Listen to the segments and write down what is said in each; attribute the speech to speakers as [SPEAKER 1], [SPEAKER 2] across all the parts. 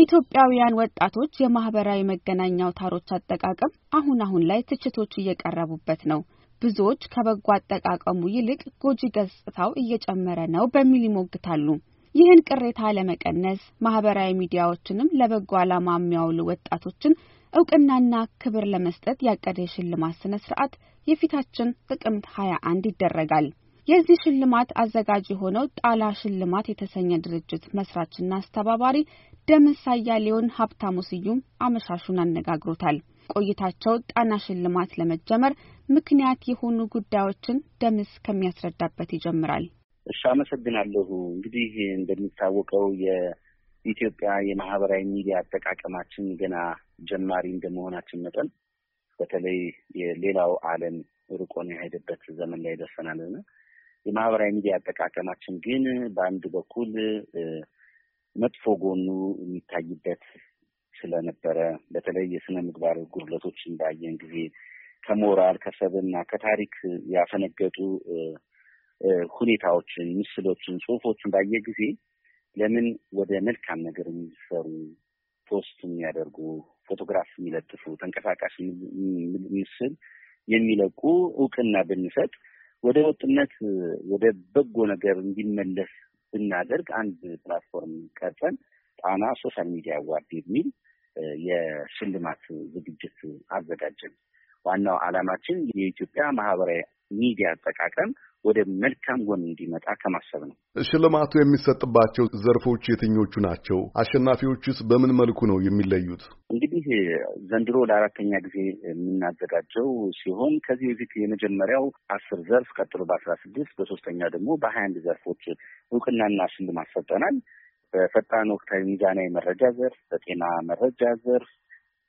[SPEAKER 1] የኢትዮጵያውያን ወጣቶች የማህበራዊ መገናኛ አውታሮች አጠቃቀም አሁን አሁን ላይ ትችቶች እየቀረቡበት ነው። ብዙዎች ከበጎ አጠቃቀሙ ይልቅ ጎጂ ገጽታው እየጨመረ ነው በሚል ይሞግታሉ። ይህን ቅሬታ ለመቀነስ ማህበራዊ ሚዲያዎችንም ለበጎ ዓላማ የሚያውሉ ወጣቶችን እውቅናና ክብር ለመስጠት ያቀደ የሽልማት ስነ ስርዓት የፊታችን ጥቅምት 21 ይደረጋል። የዚህ ሽልማት አዘጋጅ የሆነው ጣላ ሽልማት የተሰኘ ድርጅት መስራችና አስተባባሪ ደምስ አያሌውን ሀብታሙ ስዩም አመሻሹን አነጋግሮታል። ቆይታቸው ጣና ሽልማት ለመጀመር ምክንያት የሆኑ ጉዳዮችን ደምስ ከሚያስረዳበት ይጀምራል። እሺ፣ አመሰግናለሁ። እንግዲህ እንደሚታወቀው የኢትዮጵያ የማህበራዊ ሚዲያ አጠቃቀማችን ገና ጀማሪ እንደመሆናችን መጠን በተለይ የሌላው ዓለም ርቆን የሄደበት ዘመን ላይ ደርሰናልና የማህበራዊ ሚዲያ አጠቃቀማችን ግን በአንድ በኩል መጥፎ ጎኑ የሚታይበት ስለነበረ በተለይ የስነ ምግባር ጉድለቶችን ባየን ጊዜ ከሞራል ከሰብና ከታሪክ ያፈነገጡ ሁኔታዎችን፣ ምስሎችን፣ ጽሁፎችን ባየ ጊዜ ለምን ወደ መልካም ነገር የሚሰሩ ፖስት የሚያደርጉ ፎቶግራፍ የሚለጥፉ ተንቀሳቃሽ ምስል የሚለቁ እውቅና ብንሰጥ ወደ ወጥነት ወደ በጎ ነገር እንዲመለስ ብናደርግ አንድ ፕላትፎርም ቀርጸን ጣና ሶሻል ሚዲያ አዋርድ የሚል የሽልማት ዝግጅት አዘጋጀን። ዋናው ዓላማችን የኢትዮጵያ ማህበራዊ ሚዲያ አጠቃቀም ወደ መልካም ጎን እንዲመጣ ከማሰብ ነው።
[SPEAKER 2] ሽልማቱ የሚሰጥባቸው ዘርፎች የትኞቹ ናቸው? አሸናፊዎቹስ በምን መልኩ ነው የሚለዩት?
[SPEAKER 1] እንግዲህ ዘንድሮ ለአራተኛ ጊዜ የምናዘጋጀው ሲሆን ከዚህ በፊት የመጀመሪያው አስር ዘርፍ ቀጥሎ በአስራ ስድስት በሶስተኛ ደግሞ በሀያ አንድ ዘርፎች እውቅናና ሽልማት ሰጠናል። በፈጣን ወቅታዊ ሚዛናዊ መረጃ ዘርፍ፣ በጤና መረጃ ዘርፍ፣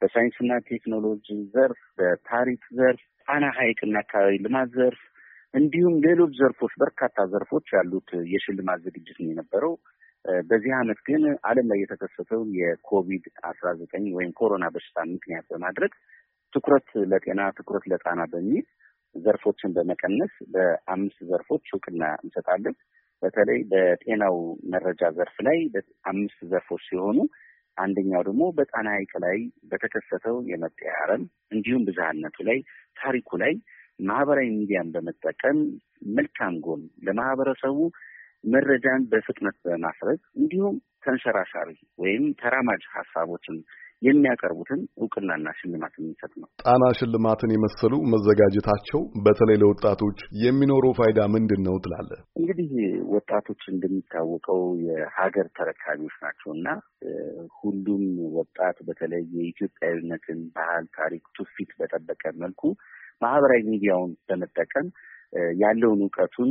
[SPEAKER 1] በሳይንስና ቴክኖሎጂ ዘርፍ፣ በታሪክ ዘርፍ ጣና ሐይቅና አካባቢ ልማት ዘርፍ እንዲሁም ሌሎች ዘርፎች በርካታ ዘርፎች ያሉት የሽልማት ዝግጅት ነው የነበረው። በዚህ ዓመት ግን ዓለም ላይ የተከሰተው የኮቪድ አስራ ዘጠኝ ወይም ኮሮና በሽታ ምክንያት በማድረግ ትኩረት ለጤና ትኩረት ለጣና በሚል ዘርፎችን በመቀነስ በአምስት ዘርፎች እውቅና እንሰጣለን። በተለይ በጤናው መረጃ ዘርፍ ላይ አምስት ዘርፎች ሲሆኑ አንደኛው ደግሞ በጣና ሐይቅ ላይ በተከሰተው አረም እንዲሁም ብዝሃነቱ ላይ ታሪኩ ላይ ማህበራዊ ሚዲያን በመጠቀም መልካም ጎን ለማህበረሰቡ መረጃን በፍጥነት በማስረግ እንዲሁም ተንሸራሻሪ ወይም ተራማጅ ሀሳቦችን የሚያቀርቡትን እውቅናና ሽልማት የሚሰጥ ነው።
[SPEAKER 2] ጣና ሽልማትን የመሰሉ መዘጋጀታቸው በተለይ ለወጣቶች የሚኖረው ፋይዳ ምንድን ነው ትላለህ?
[SPEAKER 1] እንግዲህ ወጣቶች እንደሚታወቀው የሀገር ተረካቢዎች ናቸው እና ሁሉም ወጣት በተለይ የኢትዮጵያዊነትን ባህል፣ ታሪክ፣ ትውፊት በጠበቀ መልኩ ማህበራዊ ሚዲያውን በመጠቀም ያለውን እውቀቱን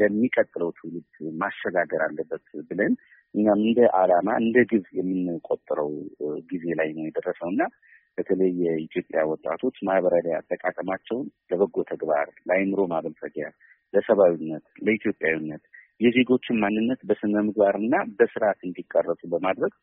[SPEAKER 1] ለሚቀጥለው ትውልድ ማሸጋገር አለበት ብለን እኛም እንደ ዓላማ እንደ ግብ የምንቆጥረው ጊዜ ላይ ነው የደረሰው እና በተለይ የኢትዮጵያ ወጣቶች ማህበራዊ ላይ አጠቃቀማቸውን ለበጎ ተግባር፣ ለአይምሮ ማበልጸጊያ፣ ለሰብአዊነት፣ ለኢትዮጵያዊነት የዜጎችን ማንነት በስነ ምግባርና በስርዓት እንዲቀረጹ በማድረግ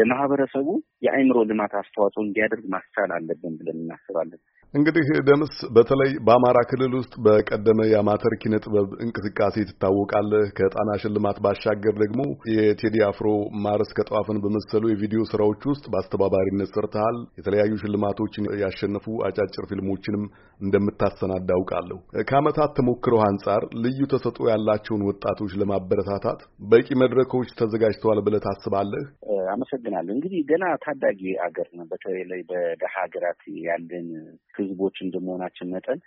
[SPEAKER 1] ለማህበረሰቡ የአእምሮ ልማት አስተዋጽኦ እንዲያደርግ ማስቻል አለብን ብለን እናስባለን።
[SPEAKER 2] እንግዲህ ደምስ በተለይ በአማራ ክልል ውስጥ በቀደመ የአማተር ኪነ ጥበብ እንቅስቃሴ ትታወቃለህ። ከጣና ሽልማት ባሻገር ደግሞ የቴዲ አፍሮ ማርስ ከጠዋፍን በመሰሉ የቪዲዮ ስራዎች ውስጥ በአስተባባሪነት ሰርተሃል። የተለያዩ ሽልማቶችን ያሸነፉ አጫጭር ፊልሞችንም እንደምታሰናዳ አውቃለሁ። ከዓመታት ተሞክረው አንጻር ልዩ ተሰጥኦ ያላቸውን ወጣቶች ለማበረታታት በቂ መድረኮች ተዘጋጅተዋል ብለህ ታስባለህ?
[SPEAKER 1] አመሰግናለሁ። እንግዲህ ገና ታዳጊ ሀገር ነው። በተለይ በደሃ ሀገራት ያለን ህዝቦች እንደመሆናችን መጠን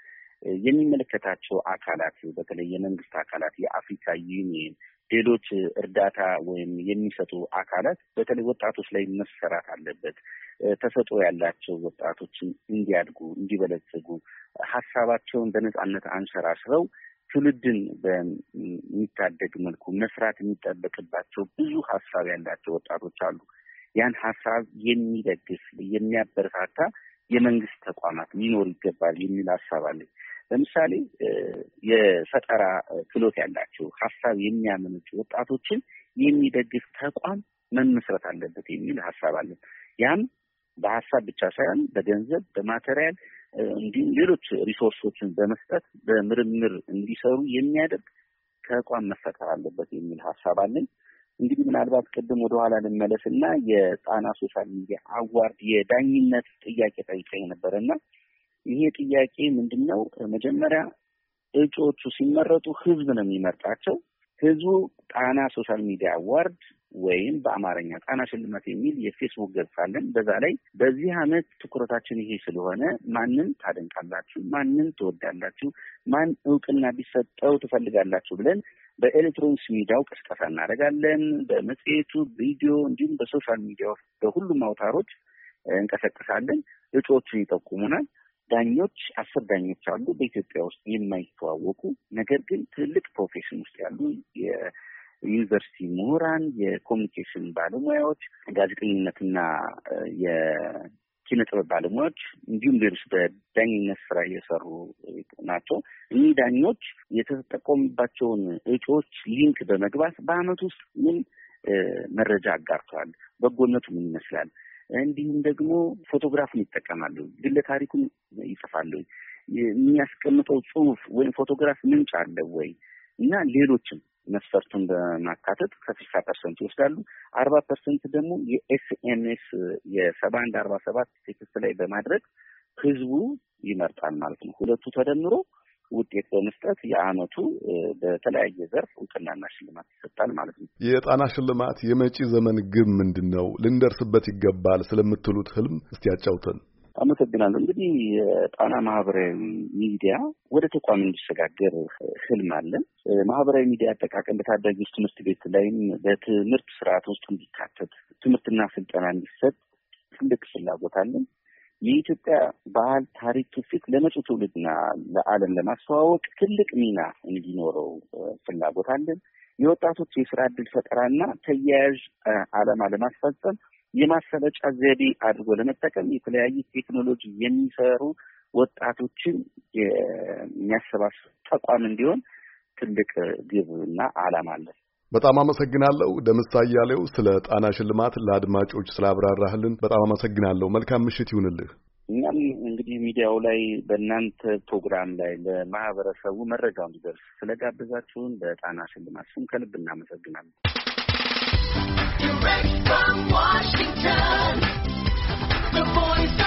[SPEAKER 1] የሚመለከታቸው አካላት በተለይ የመንግስት አካላት፣ የአፍሪካ ዩኒየን፣ ሌሎች እርዳታ ወይም የሚሰጡ አካላት በተለይ ወጣቶች ላይ መሰራት አለበት። ተሰጦ ያላቸው ወጣቶችን እንዲያድጉ፣ እንዲበለጽጉ ሀሳባቸውን በነጻነት አንሸራሽረው ትውልድን በሚታደግ መልኩ መስራት የሚጠበቅባቸው ብዙ ሀሳብ ያላቸው ወጣቶች አሉ። ያን ሀሳብ የሚደግፍ የሚያበረታታ የመንግስት ተቋማት ሊኖር ይገባል የሚል ሀሳብ አለ። ለምሳሌ የፈጠራ ክህሎት ያላቸው ሀሳብ የሚያመነጩ ወጣቶችን የሚደግፍ ተቋም መመስረት አለበት የሚል ሀሳብ አለን። ያም በሀሳብ ብቻ ሳይሆን በገንዘብ፣ በማቴሪያል፣ እንዲሁም ሌሎች ሪሶርሶችን በመስጠት በምርምር እንዲሰሩ የሚያደርግ ተቋም መፈጠር አለበት የሚል ሀሳብ አለኝ። እንግዲህ ምናልባት ቅድም ወደኋላ ልመለስ እና የጣና ሶሻል ሚዲያ አዋርድ የዳኝነት ጥያቄ ጠይቀኝ ነበረ እና ይሄ ጥያቄ ምንድን ነው? መጀመሪያ እጩዎቹ ሲመረጡ ህዝብ ነው የሚመርጣቸው። ህዝቡ ጣና ሶሻል ሚዲያ አዋርድ ወይም በአማርኛ ጣና ሽልማት የሚል የፌስቡክ ገጽ አለን። በዛ ላይ በዚህ አመት ትኩረታችን ይሄ ስለሆነ ማንን ታደንቃላችሁ፣ ማንን ትወዳላችሁ፣ ማን እውቅና ቢሰጠው ትፈልጋላችሁ ብለን በኤሌክትሮኒክስ ሚዲያው ቅስቀሳ እናደርጋለን። በመጽሔቱ፣ ቪዲዮ እንዲሁም በሶሻል ሚዲያ በሁሉም አውታሮች እንቀሰቅሳለን። እጩዎቹን ይጠቁሙናል። ዳኞች አስር ዳኞች አሉ በኢትዮጵያ ውስጥ የማይተዋወቁ ነገር ግን ትልቅ ፕሮፌሽን ውስጥ ያሉ ዩኒቨርሲቲ ምሁራን፣ የኮሚኒኬሽን ባለሙያዎች፣ ጋዜጠኝነትና የኪነጥበብ ባለሙያዎች እንዲሁም ሌሎች በዳኝነት ስራ እየሰሩ ናቸው። እኒህ ዳኞች የተጠቆሙባቸውን እጩዎች ሊንክ በመግባት በአመት ውስጥ ምን መረጃ አጋርተዋል፣ በጎነቱ ምን ይመስላል፣ እንዲሁም ደግሞ ፎቶግራፍን ይጠቀማሉ፣ ግለ ታሪኩን ይጽፋሉ፣ የሚያስቀምጠው ጽሁፍ ወይም ፎቶግራፍ ምንጭ አለ ወይ እና ሌሎችም መስፈርቱን በማካተት ከስልሳ ፐርሰንት ይወስዳሉ። አርባ ፐርሰንት ደግሞ የኤስኤምኤስ የሰባ አንድ አርባ ሰባት ቴክስት ላይ በማድረግ ህዝቡ ይመርጣል ማለት ነው። ሁለቱ ተደምሮ ውጤት በመስጠት የአመቱ በተለያየ ዘርፍ እውቅናና ሽልማት ይሰጣል ማለት ነው።
[SPEAKER 2] የጣና ሽልማት የመጪ ዘመን ግብ ምንድን ነው? ልንደርስበት ይገባል ስለምትሉት ህልም እስቲ ያጫውተን።
[SPEAKER 1] አመሰግናለሁ። እንግዲህ የጣና ማህበራዊ ሚዲያ ወደ ተቋም እንዲሸጋገር ህልም አለን። ማህበራዊ ሚዲያ አጠቃቀም በታዳጊዎች ትምህርት ቤት ላይም በትምህርት ስርዓት ውስጥ እንዲካተት ትምህርትና ስልጠና እንዲሰጥ ትልቅ ፍላጎት አለን። የኢትዮጵያ ባህል፣ ታሪክ፣ ትውፊት ለመጪው ትውልድና ለዓለም ለማስተዋወቅ ትልቅ ሚና እንዲኖረው ፍላጎት አለን። የወጣቶች የስራ እድል ፈጠራና ተያያዥ ዓላማ ለማስፈጸም የማሰለጫ ዘዴ አድርጎ ለመጠቀም የተለያዩ ቴክኖሎጂ የሚሰሩ ወጣቶችን የሚያሰባስብ ተቋም እንዲሆን ትልቅ ግብ እና ዓላማ አለን።
[SPEAKER 2] በጣም አመሰግናለሁ ደምስ አያሌው፣ ስለ ጣና ሽልማት ለአድማጮች ስላብራራህልን በጣም አመሰግናለሁ። መልካም ምሽት ይሁንልህ።
[SPEAKER 1] እኛም እንግዲህ ሚዲያው ላይ በእናንተ ፕሮግራም ላይ ለማህበረሰቡ መረጃው እንዲደርስ ስለጋበዛችሁን በጣና ሽልማት ስም ከልብ እናመሰግናለን።
[SPEAKER 2] from Washington, the voice